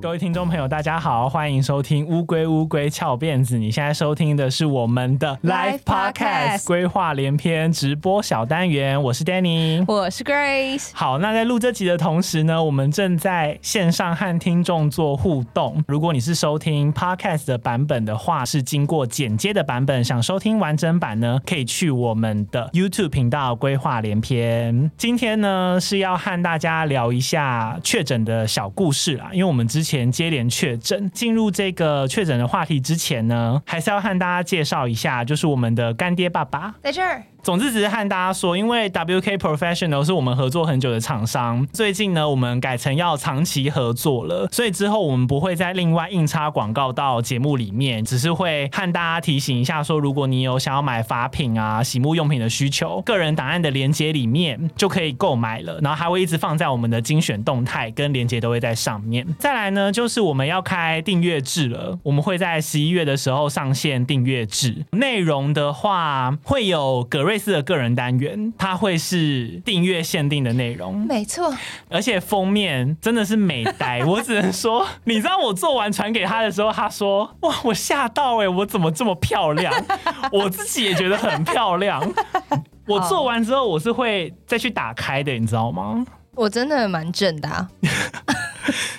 各位聽眾朋友，大家好，歡迎收聽《烏龜烏龜翹辮子》。你現在收聽的是我們的 Live Podcast《龜話連篇》直播小單元，我是 Danny，我是 Grace。好，那在錄這集的同時呢，我們正在線上和聽眾做互動。如果你是收聽 Podcast 的版本的話，是經過剪接的版本；想收聽完整版呢，可以去我們的 YouTube 頻道《龜話連篇》。今天呢，是要和大家聊一下確診的小故事啊，因為我們之前，前接連確診，進入這個確診的話題之前呢，還是要和大家介紹一下，就是我們的乾爹爸爸，在這兒。總之只是和大家說，因為 WK Professional 是我們合作很久的廠商，最近呢，我們改成要長期合作了，所以之後我們不會再另外硬插廣告到節目裡面，只是會和大家提醒一下說，說如果你有想要買髮品啊、洗沐用品的需求，個人檔案的鏈接裡面就可以購買了，然後還會一直放在我們的精選動態跟鏈接都會在上面。再來呢，就是我們要開訂閱制了，我們會在十一月的時候上線訂閱制，內容的話會有葛瑞。類似的個人單元，它會是訂閱限定的內容，沒錯。而且封面真的是美呆，我只能說， 你知道我做完傳給他的時候，他說：“哇，我嚇到誒，我怎麼這麼漂亮？” 我自己也覺得很漂亮。 我做完之後，我是會再去打開的，你知道嗎？我真的蠻正的啊。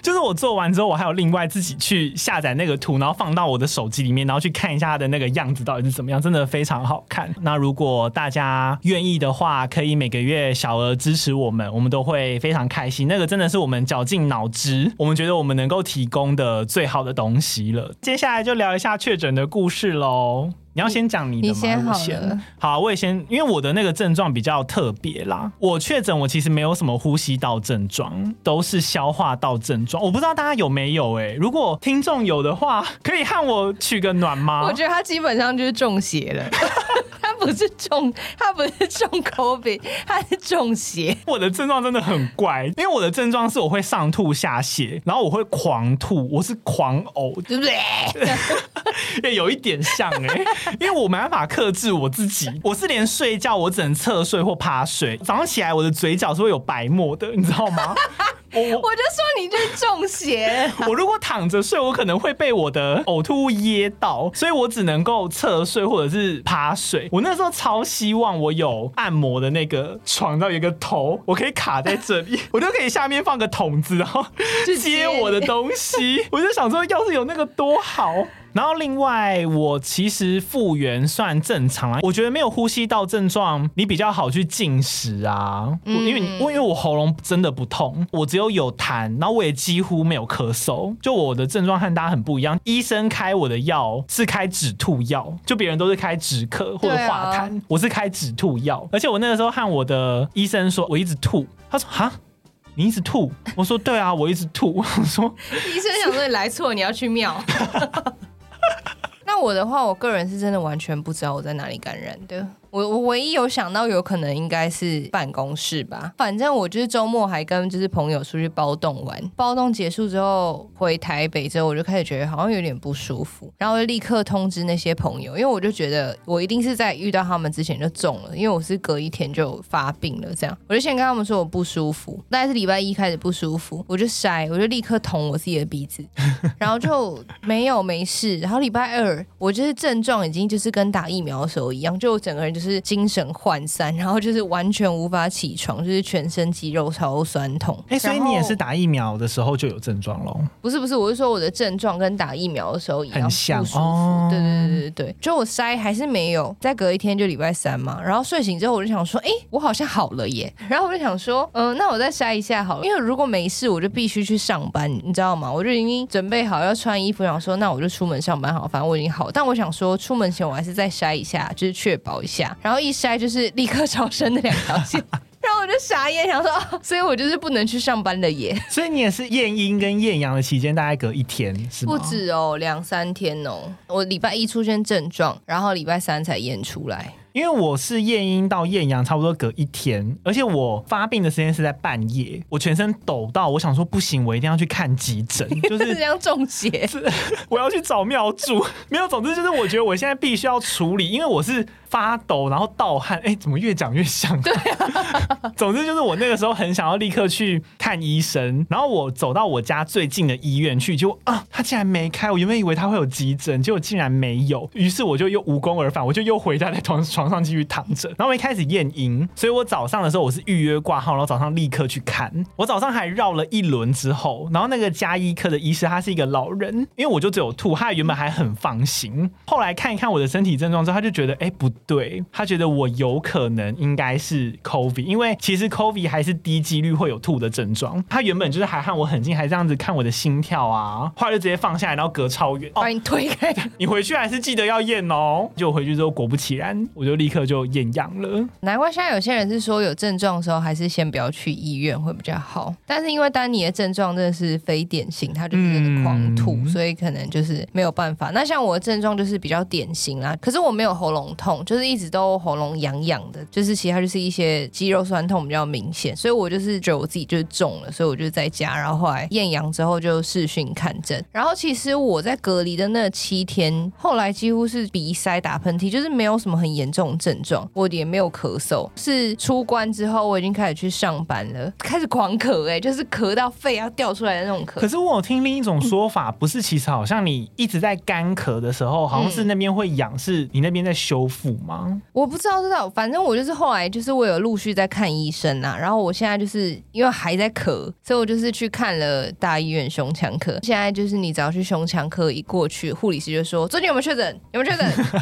就是我做完之後，我還有另外自己去下載那個圖，然後放到我的手機裡面，然後去看一下它的那個樣子到底是怎麼樣，真的非常好看。那如果大家願意的話，可以每個月小額支持我們，我們都會非常開心。那個真的是我們絞盡腦汁，我們覺得我們能夠提供的最好的東西了。接下來就聊一下確診的故事嘍。你要先講你的嗎？我先好，我也先，因為我的那個症狀比較特別啦。我確診，我其實沒有什麼呼吸道症狀，都是消化道症狀。我不知道大家有沒有哎、欸，如果聽眾有的話，可以和我取個暖嗎？我覺得他基本上就是中邪了。 不是中，他不是中 COVID，他是中邪。我的症狀真的很怪，因為我的症狀是我會上吐下瀉，然後我會狂吐，我是狂嘔，對不對？對，有一點像哎、欸，因為我沒辦法克制我自己，我是連睡覺我只能側睡或趴睡，早上起來我的嘴角是會有白沫的，你知道嗎？ Oh. 我就說你就是中邪！ 我如果躺着睡，我可能會被我的嘔吐物噎到，所以我只能夠側睡或者是趴睡。我那時候超希望我有按摩的那個床，到有一個頭，我可以卡在這裡， 我就可以下面放個桶子，然後接，接我的東西。我就想說，要是有那個多好。然後另外，我其實復原算正常啊。我覺得沒有呼吸道症狀，你比較好去進食啊。因為我因為我喉嚨真的不痛，我只有有痰，然後我也幾乎沒有咳嗽。就我的症狀和大家很不一樣。醫生開我的藥是開止吐藥，就別人都是開止咳或者化痰，我是開止吐藥。而且我那個時候和我的醫生說我一直吐，他說啊，你一直吐？我說對啊，我一直吐。我說醫生想說你來錯，你要去廟。我的話，我個人是真的完全不知道我在哪裡感染的。我我唯一有想到有可能應該是辦公室吧，反正我就是周末還跟就是朋友出去包棟玩，包棟結束之後回台北之後，我就開始覺得好像有點不舒服，然後我就立刻通知那些朋友，因為我就覺得我一定是在遇到他們之前就中了，因為我是隔一天就發病了這樣。我就先跟他們說我不舒服，大概是禮拜一開始不舒服，我就篩，我就立刻捅我自己的鼻子，然後就沒有沒事，然後禮拜二我就是症狀已經就是跟打疫苗的時候一樣，就我整個人就是。就是精神渙散，然後就是完全無法起床，就是全身肌肉超酸痛。哎、欸，所以你也是打疫苗的時候就有症狀嘍？不是不是，我是說我的症狀跟打疫苗的時候一樣，很像哦。對對對對對對，就我篩還是沒有，再隔一天就禮拜三嘛。然後睡醒之後我就想說，哎，我好像好了耶。然後我就想說，嗯、呃，那我再篩一下好了。因為如果沒事，我就必須去上班，你知道嗎？我就已經準備好要穿衣服，想說那我就出門上班好，反正我已經好。但我想說，出門前我還是再篩一下，就是確保一下。然後一篩就是立刻超生的兩條線， 然後我就傻眼，想說，哦，所以我就是不能去上班的耶。所以你也是驗陰跟驗陽的期間大概隔一天，是嗎？不止哦，兩三天哦。我禮拜一出現症狀，然後禮拜三才驗出來。因為我是驗陰到驗陽，差不多隔一天，而且我發病的時間是在半夜，我全身抖到，我想說不行，我一定要去看急診，就是， 是這樣中邪，是 我要去找廟祝，沒有，總之就是我覺得我現在必須要處理，因為我是發抖，然後盜汗，哎、欸，怎麼越講越像、啊？對， 總之就是我那個時候很想要立刻去看醫生，然後我走到我家最近的醫院去，就啊，他竟然沒開，我原本以為他會有急診，結果竟然沒有，於是我就又無功而返，我就又回家在床上。床上繼續躺着，然後我一開始驗陰，所以我早上的時候我是預約掛號，然後早上立刻去看。我早上還繞了一輪之後，然後那個家醫科的醫師他是一個老人，因為我就只有吐，他原本還很放心，嗯、後來看一看我的身體症狀之後，他就覺得哎、欸、不對，他覺得我有可能應該是 COVID，因為其實 COVID 還是低幾率會有吐的症狀。他原本就是還和我很近，還這樣子看我的心跳啊，後來就直接放下來，然後隔超遠，嗯、哦，你推開的。你回去還是記得要驗哦。就回去之後，果不其然，我就。就立刻就驗陽了，難怪現在有些人是說有症狀的時候還是先不要去醫院會比較好。但是因為丹尼的症狀真的是非典型，它就是狂吐，嗯、所以可能就是沒有辦法。那像我的症狀就是比較典型啦，可是我沒有喉嚨痛，就是一直都喉嚨癢癢的，就是其他就是一些肌肉痠痛比較明顯，所以我就是覺得我自己就是中了，所以我就在家，然後後來驗陽之後就視訊看診。然後其實我在隔離的那七天，後來幾乎是鼻塞、打噴嚏，就是沒有什麼很嚴重的。這種症狀，我也沒有咳嗽，是出關之後我已經開始去上班了，開始狂咳，欸，哎，就是咳到肺要掉出來的那種咳。可是我有聽另一種說法，嗯、不是，其實好像你一直在乾咳的時候，好像是那邊會癢，是你那邊在修復嗎？嗯、我不知道，知道，反正我就是後來就是我有陸續在看醫生啊，然後我現在就是因為還在咳，所以我就是去看了大醫院胸腔科。現在就是你只要去胸腔科一過去，護理師就說最近有沒有確診？有沒有確診？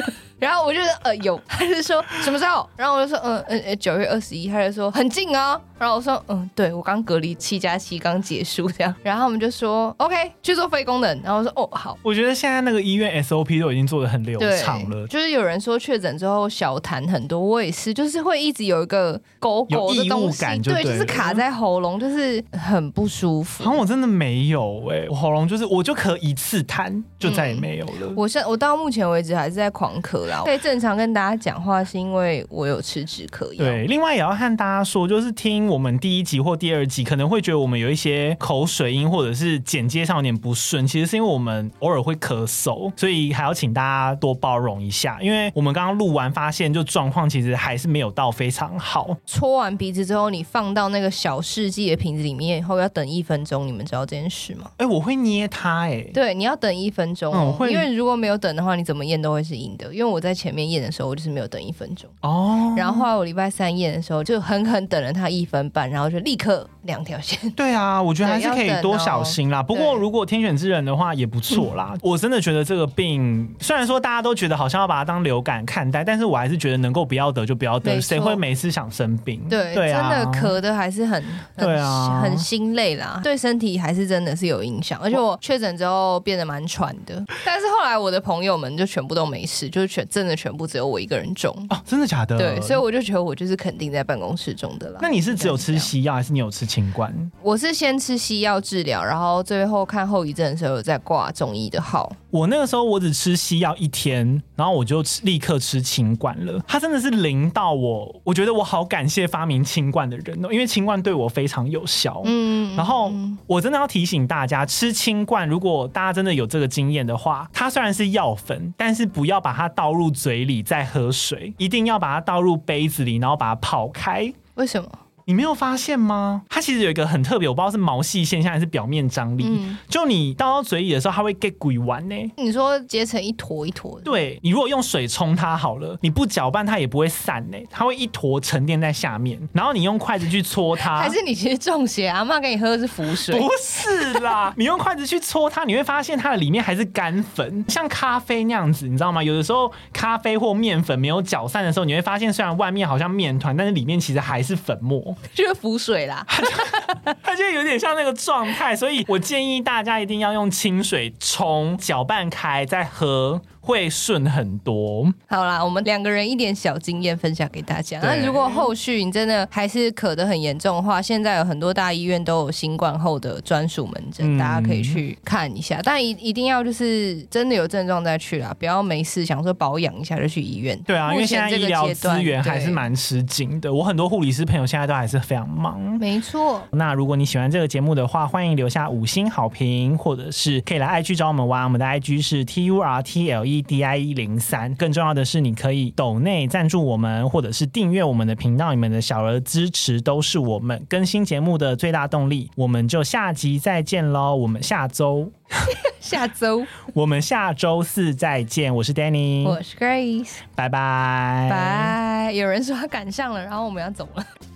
然後我就說，呃，有。他就說什麼時候？然後我就說，嗯、呃、嗯，呃呃、九月二十一。他就說很近啊，哦。然後我說，嗯、呃，對，我剛隔離七加七剛結束這樣。然後我們就說，OK，去做肺功能。然後我說，哦，好。我覺得現在那個醫院 SOP 都已經做得很流暢了。就是有人說確診之後小痰很多，我也是，就是會一直有一個狗狗的東西，異物感對，對，就是卡在喉嚨，就是很不舒服。好像、嗯、我真的沒有哎，欸，我喉嚨就是我就咳一次痰就再也沒有了。我現我到目前為止還是在狂咳。可以正常跟大家講話，是因為我有吃止咳藥。對，另外也要和大家說，就是聽我們第一集或第二集，可能會覺得我們有一些口水音，或者是剪接上有點不順。其實是因為我們偶爾會咳嗽，所以還要請大家多包容一下。因為我們剛剛錄完，發現就狀況其實還是沒有到非常好。搓完鼻子之後，你放到那個小試劑的瓶子裡面以後，要等一分鐘。你們知道這件事嗎？哎、欸，我會捏它、欸。哎，對，你要等一分鐘，嗯、我會因為如果沒有等的話，你怎麼驗都會是陰的。因為我在前面驗的時候，我就是沒有等一分鐘哦。Oh. 然後，後來，我禮拜三驗的時候，就狠狠等了他一分半，然後就立刻兩條線。對啊，我覺得還是可以多小心啦。哦、不過如果天選之人的話，也不錯啦。對我真的覺得這個病，雖然說大家都覺得好像要把它當流感看待，但是我還是覺得能夠不要得就不要得。誰錯會每次想生病？對，對啊、真的咳的還是很，很對啊，很心累啦。對身體還是真的是有影響，而且我確診之後變得蠻喘的。我 但是後來我的朋友們就全部都沒事，就是全。真的全部只有我一個人中。哦，真的假的？對，所以我就覺得我就是肯定在辦公室中的啦。那你是只有吃西藥，還是你有吃清冠？我是先吃西藥治療，然後最後看後遺症的時候再掛中醫的號。我那個時候我只吃西藥一天，然後我就立刻吃清冠了。它真的是靈到我，我覺得我好感謝發明清冠的人喔，因為清冠對我非常有效。嗯，然後我真的要提醒大家，吃清冠如果大家真的有這個經驗的話，它雖然是藥粉，但是不要把它倒入嘴裡再喝水，一定要把它倒入杯子裡，然後把它泡開。為什麼？你沒有發現嗎？它其實有一個很特別，我不知道是毛細現象還是表面張力。嗯，就你倒到嘴裡的時候，它會結塊完呢。你說結成一坨一坨的。對，你如果用水沖它好了，你不攪拌它也不會散呢、欸，它會一坨沉澱在下面。然後你用筷子去搓它，還是你其實中邪？阿媽給你喝的是符水？不是啦， 你用筷子去搓它，你會發現它的裡面還是乾粉，像咖啡那樣子，你知道嗎？有的時候咖啡或麵粉沒有攪散的時候，你會發現雖然外面好像麵團，但是裡面其實還是粉末。就會浮水啦 他就，它就有點像那個狀態，所以我建議大家一定要用清水沖攪拌開再喝。會順很多。好啦，我們兩個人一點小經驗分享給大家。那對如果後續你真的還是咳得很嚴重的話，現在有很多大醫院都有新冠後的專屬門診，嗯、大家可以去看一下。但一一定要就是真的有症狀再去啦，不要沒事想說保養一下就去醫院。對啊，目前 因為現在這個醫療資源還是蠻吃緊的。對對我很多護理師朋友現在都還是非常忙。沒錯。那如果你喜歡這個節目的話，歡迎留下五星好評，或者是可以來 IG 找我們玩，我們的 IG 是 T U R T L E。e d i 一零三，更重要的是，你可以抖內贊助我們，或者是訂閱我們的頻道，你們的小額支持都是我們更新節目的最大動力。我們就下集再見嘍，我們下周 下周， 我們下周四再見。我是 Danny，我是 Grace，拜拜拜。有人說他趕上了，然後我們要走了。